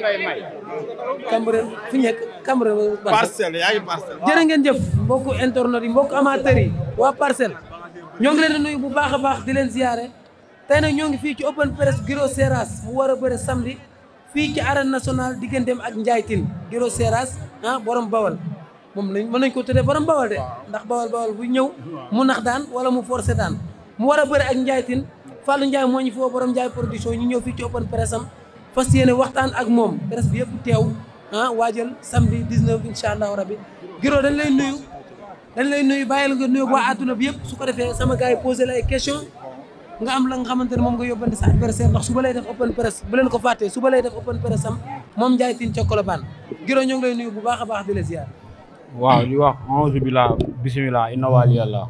ngay may. Cambérène fu nekk Cambérène parcelle yaa ngi parcelle. jërë ngeen jëf mbokk internet mbokk mbokku amateurs yi waa parcelle ñoo ngi leen di nuy bu baax a baax di leen ziare tey nag ñoo ngi fii ci open press Guiro Seras mu war a bëre samedi fii ci arène nationale digganteem ak Ndiaye Tine Guiro Seras ah borom bawal moom lañ mën nañ ko tuddee borom bawal de ndax bawal bawal bu ñëw mu nax daan wala mu forcé daan mu war a bëre ak Ndiaye Tine Fallou Ndiaye moo ñu fi woo borom Ndiaye production ñu ñëw fii ci open press fas yéene waxtaan ak moom presse bi yëpp teew ah waajal samedi 19 incha allahu rabi Giro dañ lay nuyu dañ lay nuyu bàyyil nga nuyu waa adduna bi yëpp su ko defee sama gars yi posé la ay question nga am la nga xamante ne moom nga yóbbante sa adversaire ndax suba lay def open press bu leen ko fàttee suba lay def open press am moom Ndiaye Tine ca Colobane Giro ñoo ngi lay nuyu bu baax a baax di la waaw di wax onze bila bisimilah inna waali yàlla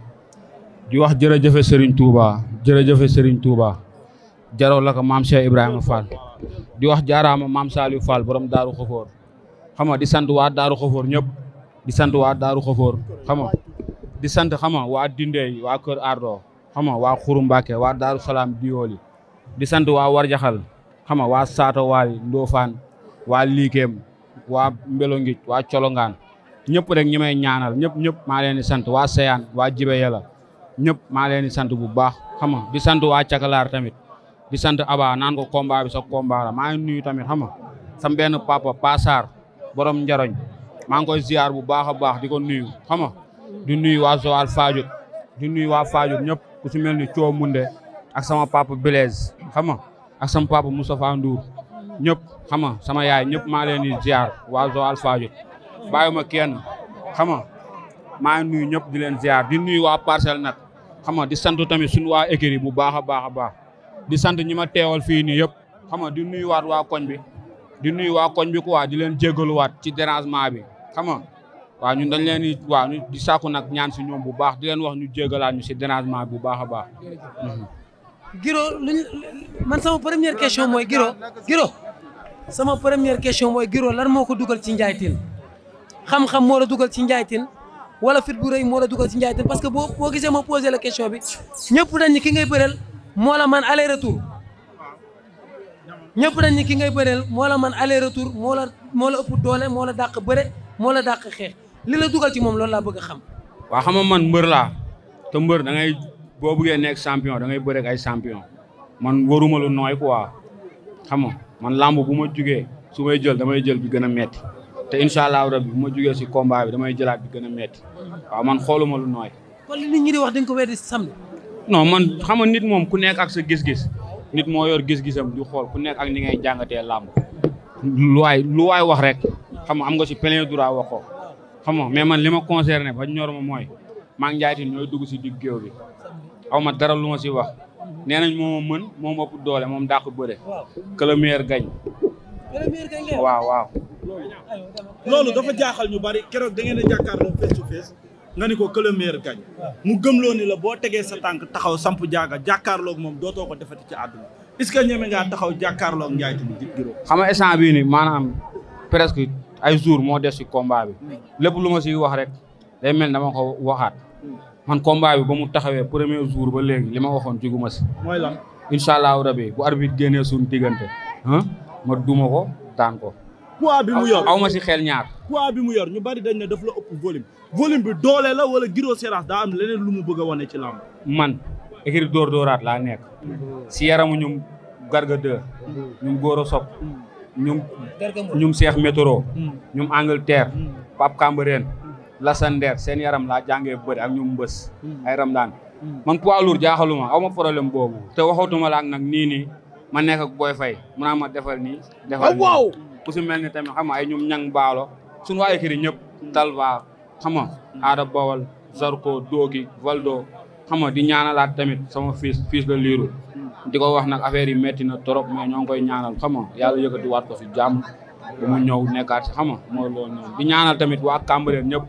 di wax jërëjëfe Serigne Touba jërëjëfe Serigne Touba jaraw la ko maam Ibrahima di wax jaaraama maam Saliou Fall borom daaru Xofoor xam nga di sant waa daaru Xofoor ñëpp di sant waa daaru Xofoor xam nga di sant xam waa Dindey waa Kër Ardo xam nga waa Xuru Mbàkke waa daaru Salaam Diyooli di sant waa Warjaxal xam nga waa Saato Waali Ndofaan waa Likeem waa Mbelo Ngij waa Colongaan ñëpp rek ñi may ñaanal ñëpp ñëpp maa leen sant waa Seyaan waa Jibe Yàlla ñëpp maa leen sant bu baax di sant waa Cakalaar tamit di sant Aba naan ko combat bi sa combat la maa ngi nuyu tamit xam nga sam benn papa Pasar borom Njaroñ maa ngi koy bu baax a baax di ko nuyu xam nga di nuyu waa Joal Fadiouth nuyu waa Fadiouth ñëpp ku si mel ni Coo Munde ak sama papa Blaise xam nga ak sama papa Moustapha Ndour ñëpp xam sama yaay ñëpp maa leen di ziar waa Joal Fadiouth bàyyuma kenn xam nga maa ngi ñëpp di leen ziar di nuyu waa Parcelles nag xam nga di sant tamit suñu waa écurie bu baax a baax a baax. di sant ñi ma teewal fii nii yëpp xam nga di nuyuwaat waa koñ bi di nuyu waa koñ bi quoi di leen jégaluwaat ci dérangement bi xam waa waaw ñun dañ leen di waaw di sàkku nag ñaan si ñoom bu baax di leen wax ñu jégalaat ñu si dérangement bi bu baax a baax. Giro luñ man sama première question mooy Giro Giro sama première question mooy Giro lan moo ko dugal ci njaaytin xam-xam moo la dugal ci njaaytin wala fit bu rëy moo la dugal ci njaaytin parce que boo boo gisee ma posé la question bi moo la man aller retour ñëpp dañ ki ngay bëreel moo la man aller retour moo la moo la ëpp doole moo la dàq bëre moo la dàq xeex li la dugal ci moom loolu laa bëgg a xam. waa xam nga man mbër laa te mbër da ngay boo bëggee nekk champion da ngay bëreek ay champion man waruma lu nooy quoi xam nga man làmb bu ma jugee su may jël damay jël bi gën a metti te incha allah rabbi bu ma jugee si combat bi damay jëlaat bi gën a metti waaw man xooluma lu nooy. non man xam nga nit moom ku nekk ak sa gis-gis nit moo yor gis-gisam di xool ku nekk ak ni ngay jàngatee làmb lu waay lu waay wax rek xama am nga si plein droit wax ko xam nga man li ma concerné ba ñor ma mooy maa ngi jaaytin ñooy dugg si digg géew bi ma dara lu ma wax nee nañ moom mën moom doole moom dàq bëre que le meilleur gagne waaw waaw loolu dafa jaaxal ñu bari keroog da ngeen a jàkkaarloo face to nga ni ko que le meilleur gagne mu gëmloo ni la boo tegee sa tànk taxaw samp jaaga jàkkaarloog moom dootoo ko defati ci àdduna est-ce que ñeme ngaa taxaw jàkkaarloog Ndiaye tamit di Giro. xam nga instant bii nii maanaam presque ay jours moo des si combat bi lépp lu ma siy wax rek day mel dama ko waxaat man combat bi ba mu taxawee premier jour ba léegi li ma waxoon ma si. mooy lan incha allahu rabi bu arbitre génnee suñu diggante ma duma ko daan ko. poids bi mu yor aw ma si xel ñaar. poids bi mu yor ñu bari dañ na daf la ëpp volume volume bi doole la wala giro Seras daa am leneen lu mu bëgg wane ci làmb. man écurie Dóor Dóoraat laa nekk. si yaramu ñum Garga 2. ñum a Sob. ñum ñum Cheikh Métoro. ñum Angleterre. Pape Camberène. Lassane seen yaram laa jàngee bëri ak ñum Mbës. ay Ramdaan. man poids lourd jaaxaluma aw ma boobu. te waxatuma la nag nii nii ma nekk ak Boy Faye mun naa ma defal nii. defal nii ah, waaw. ku si mel ni tamit xam nga ay ñoom ñang baalo suñu waa écurie ñëpp talva xam nga aada bawal zarko doogi valdo xam nga di ñaanalaat tamit sama fils fils la liiru di ko wax nag affaire yi métti na trop mais ñoo ngi koy ñaanal xam nga yàlla yëkkati waat ko si jàmm bu mu ñëw nekkaat si xam nga mooy di ñaanal tamit waa Cambérène ñëpp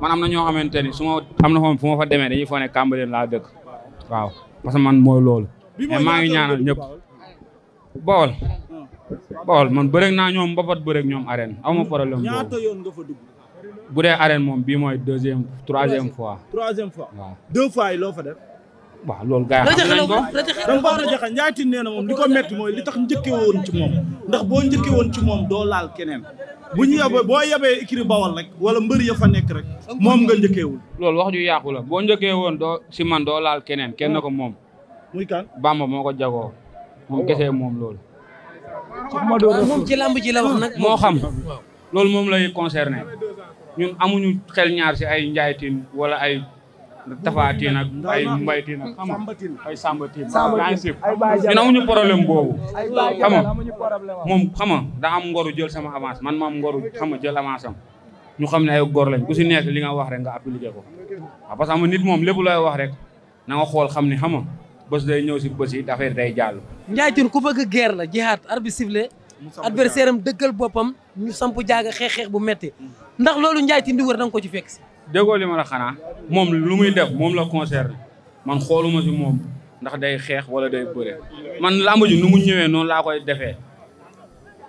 man am na ñoo xamante ni su ma am na fu ma fa demee dañuy foog ne laa dëkk waaw parce que man mooy loolu mais maa ngi ñaanal ñëpp bool Bawol man bëreeg naa ñoom mbapat bëreeg ñoom arène awma problème boobu ñaata yoon nga fa dugg. bu dee arène moom bii mooy deuxième troisième fois. troisième fois waaw. deux fois yi loo fa def. waaw loolu gars yi xam nañ ko dama baax a jaxa njaatin nee na moom li ko métti mooy li tax njëkke woon ci moom ndax boo njëkke woon ci moom doo laal keneen bu ñu yebee boo yebee ikiri bawal rek wala mbër ya fa nekk rek moom nga njëkkeewul loolu wax ju yàqu la boo njëkkee woon doo si man doo laal keneen kenn ah. ko moom muy kan Bamba moo ko jagoo moom oh. kese moom loolu moom ci lamb ji la wax moo xam loolu moom lay concerné ñun amuñu xel ñaar si ay njaaytin wala ay tafaatin ak ay mbaytin ak xam nga ay sambatin ñun amuñu problème boobu xam nga moom xam nga daa am ngoru jël sama avance man ma am ngoru xam nga jël avance ñu xam ne ay góor lañ ku si nekk li nga wax rek nga appliqué ko parce que am nit moom lépp looy wax rek na xool xam ne xam nga day ñëw si bés yi affaire day jàll Ndiaye Tine ku bëgg guerre la jihaat arbitre sifflé adversaire am dëggal boppam ñu samp jaaga xeex-xeex bu metti ndax loolu Ndiaye Tine di wër da ko ci fekk si déggoo li ma la xanaa moom lu muy def moom la concerné man xooluma si moom ndax day xeex wala day bëre man laa ji nu mu ñëwee noonu laa koy defee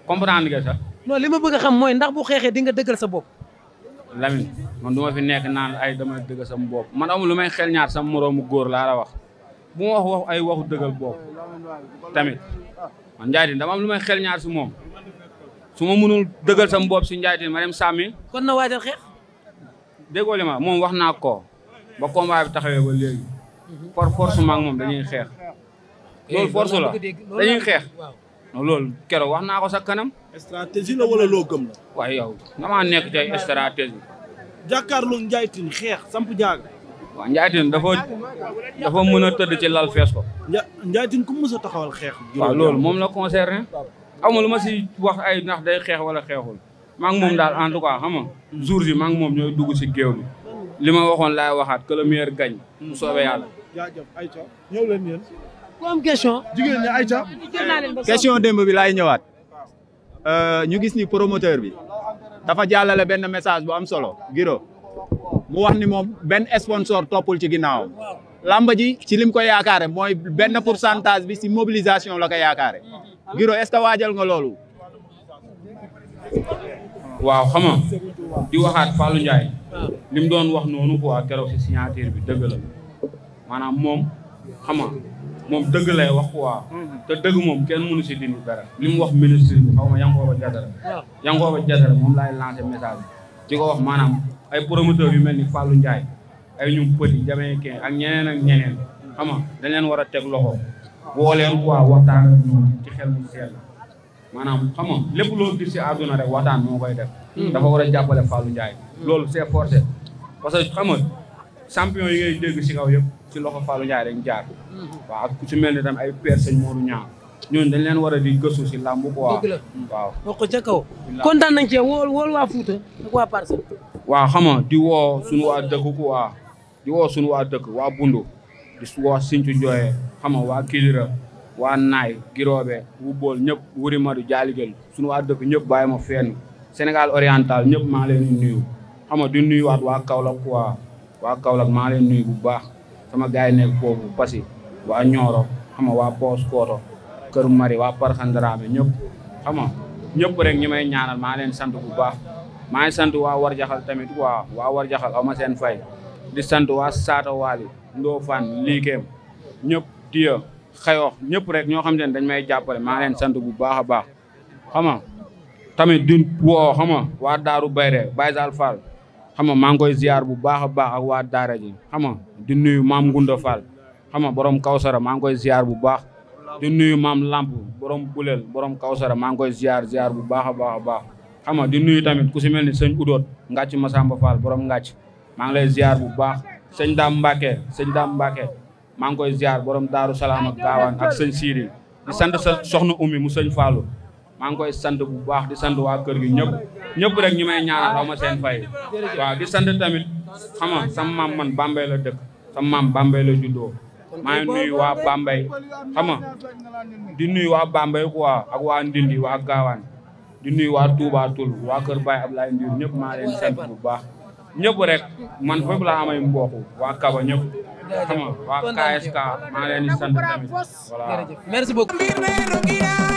comprendre nga sax non li ma bëgg a xam mooy ndax bu xeexee di nga dëggal sa bopp Lamine man du ma fi nekk naan ay dama dëgg sama bopp man amul lu may xel ñaar sama moroomu góor laa la bu ma wax wax ay waxu dëggal boobu tamit man Ndiaye Tine dama am lu may xel ñaar si moom su ma mënul dëggal sam bopp si Ndiaye Tine ma dem sàmmi. kon na waajal xeex. déggoo li ma moom wax naa ko ba combat bi taxawee ba léegi par force maag moom dañuy xeex. Eh, loolu force la dañuy xeex. loolu keroog wax naa ko sa kanam. stratégie la wala loo gëm la. waaye yow damaa nekk tey stratégie. jàkkaarloo Ndiaye Tine xeex samp jaaga. waaw Ndiaye dafa dafa mën a tëdd ci lal fees ko. Ndiaye Tine ku mu mës a xeex. waaw loolu moom la concerné. ma lu ma si wax ay nax day xeex wala xeexul. maa ngi moom daal en tout cas xam jour yi maa moom ñooy dugg si géew li ma waxoon laay waxaat que le meilleur gagne. mu soobee yàlla. jaajëf Aïcha ñëw leen yéen. ku am question. jigéen ñi démb bi laay ñëwaat. Euh, ñu gis ni promoteur bi. dafa jaalale benn message bu am solo Guiro. mu wax ni moom benn sponsor toppul ci ginnaaw lamba ji ci lim ko yaakaare mooy benn pourcentage bi si mobilisation la ko yaakaare Guiro est-ce que waajal nga loolu waaw xam nga di waxaat Fallou Ndiaye li mu doon wax noonu quoi keroog si signature bi dëgg maanaam moom xam nga moom dëgg lay wax quoi te dëgg moom kenn mënu si dindi dara li mu wax ministre bi xaw ma Yankhoba moom laay lancé message di wax maanaam ay promoteur yu mel ni Fallou Ndiaye ay ñu pëti jamaïcain ak ñeneen ak ñeneen xam nga dañ leen war a teg loxo woo leen waa waxtaan ak ñoom ci xel mu sell maanaam xam lépp loo gis si àdduna rek waxtaan moo koy def hmm. dafa war a jàppale Fallou Ndiaye loolu c'est forcé parce que xam nga champion yi ngay dégg si kaw yëpp ci loxo falu Ndiaye dañ jaar hmm. waaw ak ku ci mel ni tam ay père sëñ Modou Niang ñooñu dañ leen war a di gëstu si làmb quoi hmm, waaw wax ko ca kaw kontaan wool waa Fouta ak waa Parcelles waa xam nga di woo suñu waa dëkk ku waa di woo suñu waa dëkk waa Bundu di woo Sinthiou Ndioye xam nga waa Kidira waa Naay Giroobe wu bool ñëpp wuri madu jaaligel suñu waa dëkk ñëpp bàyyi ma fenn Sénégal oriental ñëpp maa leen di nuyu xam nga di nuyuwaat waa Kaolack ku waa waa Kaolack maa leen nuyu bu baax sama gars yi nekk foofu Passy waa Nioro xam nga waa Poos Kooto Kër Mari wa par ñëpp xam nga ñëpp rek ñi may ñaanal maa leen sant bu baax maa sant waa Warjaxal tamit waa waa Warjaxal aw ma seen fay di sant waa Saata Waali Ndofane Likeem ñëpp Diya Xayox ñëpp rek ñoo xam te ne dañ may jàppale maa leen sant bu baax a baax tamit di woo xam nga waa Daaru Bayre Baye Sall Fall xam nga maa ngi koy ziar bu baax a baax ak waa Daara ji xam nga di nuyu maam Ngunda Fall xam nga borom Kawsara maa ngi koy ziar bu baax di nuyu maam Lamp borom Bulel borom Kawsara maa ngi koy ziar ziar bu baax a baax a baax. xam nga di nuyu tamit ku si mel ni sëñ Udoot ngàcc Masamba Fall borom ngàcc maa ngi lay bu baax sëñ Daam Mbàkke sëñ Daam Mbàkke maa ngi koy ziar borom Daaru Salaam ak Gaawaan ak sëñ Siiri di sant sa soxna Umi mu sëñ Fallou maa ngi koy sant bu baax di sant waa kër gi ñëpp ñëpp rek ñi may ñaanal xaw ma seen fay waaw di sant tamit xam nga sama maam man Bambey la dëkk sama maam Bambey la juddoo maa ngi nuyu waa Bambey xam nga di nuyu waa Bambey quoi ak waa Ndindi waa Gaawaan di nuyu waa Touba Toul waa Kër Baye Ablaye Ndiour ñëpp maa leen sant bu baax ñëpp rek man fépp laa amay mbooxu waa Kaba ñëpp xam nga waa KSK maa leen di sant tamit voilà merci beaucoup